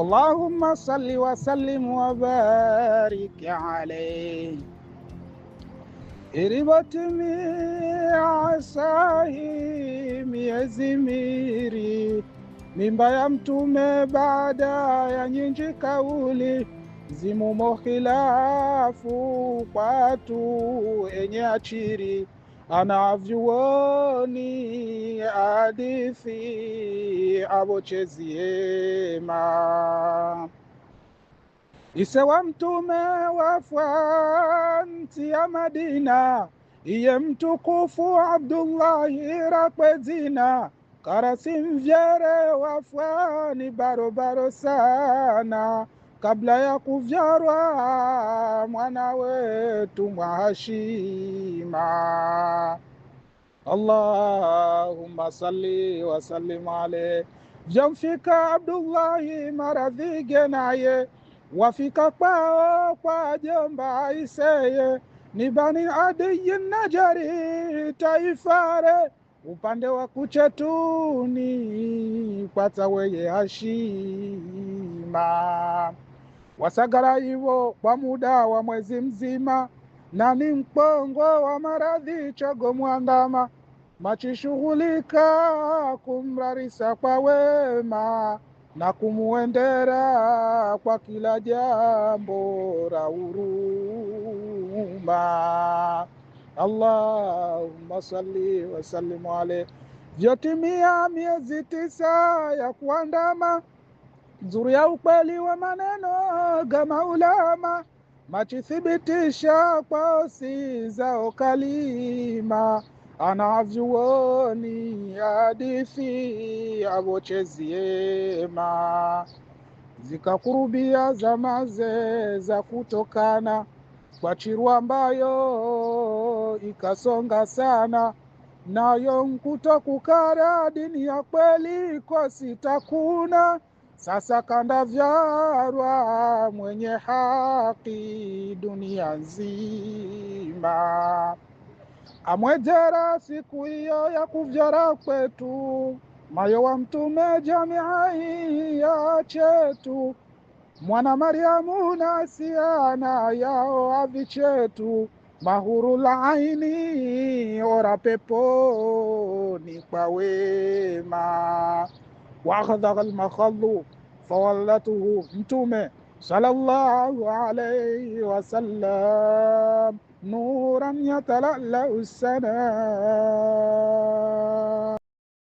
Allahumma صل وسلم وبارك عليه اربت alayhi iribatimia asahi mimba ya mtume baada ya nyinji kauli zimumo khilafu kwatu enye achiri anavyuoni hadithi avocheziema isewa mtume wafuanti ya Madina iye mtukufu Abdullahi rakwezina karasimvyere wafuani barobaro sana kabla ya kuvyarwa mwana wetu mwahashima Allahumma salli wa sallim alayhi, vyamfika Abdullahi maradhige naye wafika kwao kwa jomba Iseye ni Bani Adiyi Najari Taifare upande wa Kuchetuni kwata weye Hashima wasagara ivo kwa muda wa mwezi mzima, na ni mpongo wa maradhi chago mwandama, machishughulika kumrarisa kwa wema na kumuendera kwa kila jambo ra huruma. allahuma sali wasalimu alaihi. Vyotimia miezi tisa ya kuandama nzuri ya ukweli wa maneno kama ulama machithibitisha kwa si kalima anavyuoni hadithi avocheziema zikakurubia zamaze za kutokana kwa chiru ambayo ikasonga sana nayo nkuto kukara dini ya kweli kwa sitakuna sasa kandavyarwa mwenye haki dunia nzima, amwejera siku hiyo ya kuvyara kwetu, mayo wa mtume jamia ya chetu, mwana Mariamu nasiana yao avichetu, mahuru laini ora peponi kwa wema وأخذها المخض فولته انتم صلى الله عليه وسلم نورا يتلألأ السنام